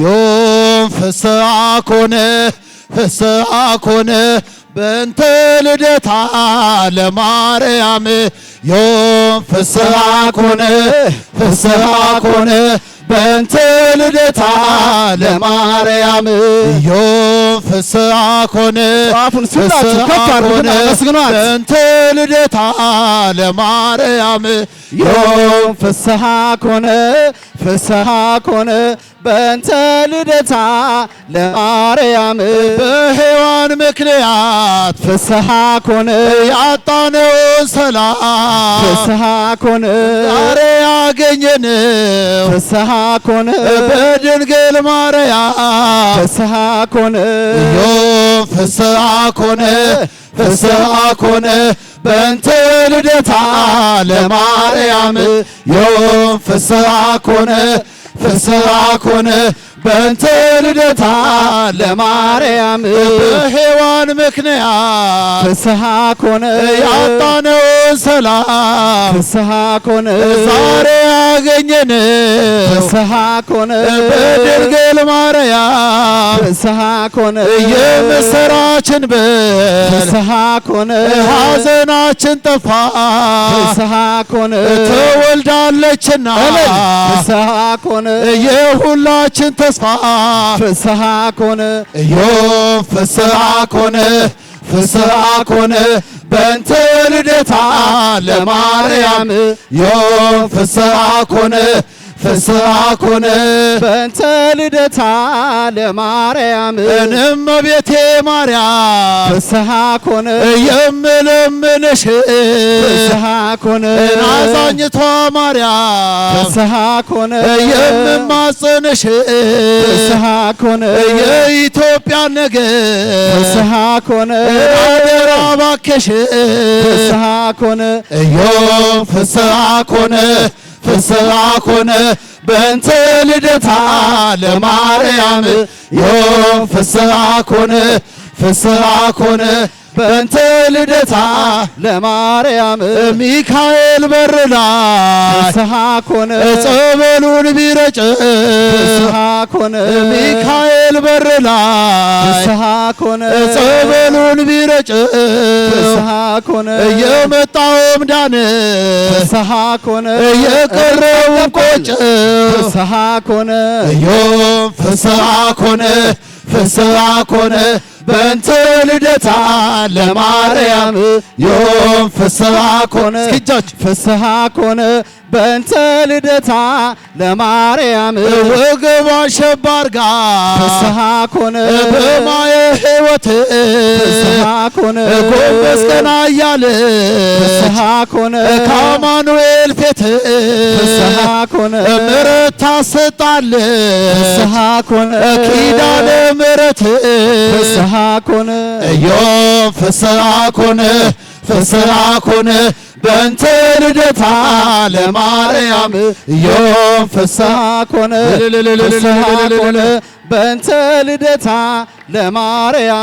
ዮም ፍስሐ ኮነ ፍስሐ ኮነ በእንተ ልደታ ለማርያም ዮም ፍስሐ ኮነ ፍስሐ ኮነ በእንተ ልደታ ለማርያም ዮም ፍስሐ ኮነ በእንተ ልደታ ለማርያም ዮም ፍስሐ ኮነ ፍስሐ ኮነ በእንተ ልደታ ለማርያም በሔዋን ምክንያት ፍስሐ ኮነ ያጣነውን ሰላም ፍስሐ ኮነ ዛሬ ያገኘነው ፍስሐ ኮነ በድንግል ማርያም ፍስሐ ኮነ ፍስሐ ኮነ ፍስሐ ኮነ በእንተ ልደታ ለማርያም ዮም ፍስሐ ኮነ ፍስሐ ኮነ በእንተ ልደታ ለማርያም በሔዋን ምክንያት ፍስሐ ኮነ ያጣነውን ሰላም ፍስሐ ኮነ ዛሬ ያገኘን ፍስሐ ኮነ በድንግል ማርያም ፍስሐ ኮነ የምስራችን ብል ፍስሐ ኮነ ሐዘናችን ጠፋ ፍስሐ ኮነ ትወልዳለችና ፍስሐ ኮነ የሁላችን ተስፋ ፍስሐ ኮነ ኢዮብ ፍስሐ ኮነ ፍስሐ ኮነ በእንተ ልደታ ለማርያም ኢዮብ ፍስሐ ኮነ ፍስሐ ኮነ በእንተ ልደታ ለማርያም እንም ቤቴ ማርያም ፍስሐ ኮነ የምለምንሽ ፍስሐ ኮነ ናዛኝቷ ማርያም ፍስሐ ኮነ የምማጽንሽ ፍስሐ ኮነ የኢትዮጵያ ነገር ፍስሐ ኮነ አደራ እባክሽ ፍስሐ ኮነ እዮ ፍስሐ ኮነ ፍስሐ ኮነ በእንተ ልደታ ለማርያም ዮ ፍስሐ ኮነ ፍስሐ ኮነ በንተ ልደታ ለማርያም ሚካኤል በርላ ላይ ኮነ ጸበሉን ቢረጭ ፍስሐ ኮነ ሚካኤል በርላ ላይ ፍስሐ ኮነ ጸበሉን ቢረጭ ፍስሐ ኮነ የመጣውም ዳን ፍስሐ ኮነ የቀረው ቆጭ ፍስሐ ኮነ ዮም ፍስሐ ኮነ ፍስሐ ኮነ በእንተ ልደታ ለማርያም ዮም ፍስሐ ኮነ ፍስሐ ኮነ በእንተ ልደታ ለማርያም ውግቧ ሸባር ጋ ፍስሐ ኮነ በማየ ሕይወት ፍስሐ ኮነ ጎንበስ ቀና እያለ ፍስሐ ኮነ ከአማኑኤል ፊት ፍስሐ ኮነ ምሕረት ታሰጣለ ፍስሐ ኮነ ኪዳነ ምሕረት ፍስሐ ኮነ እዮ ፍስሐ ኮነ ፍስሐኮነ በእንተ ልደታ ለማርያም እዮም ፍስሐኮነ በእንተ ልደታ ለማርያም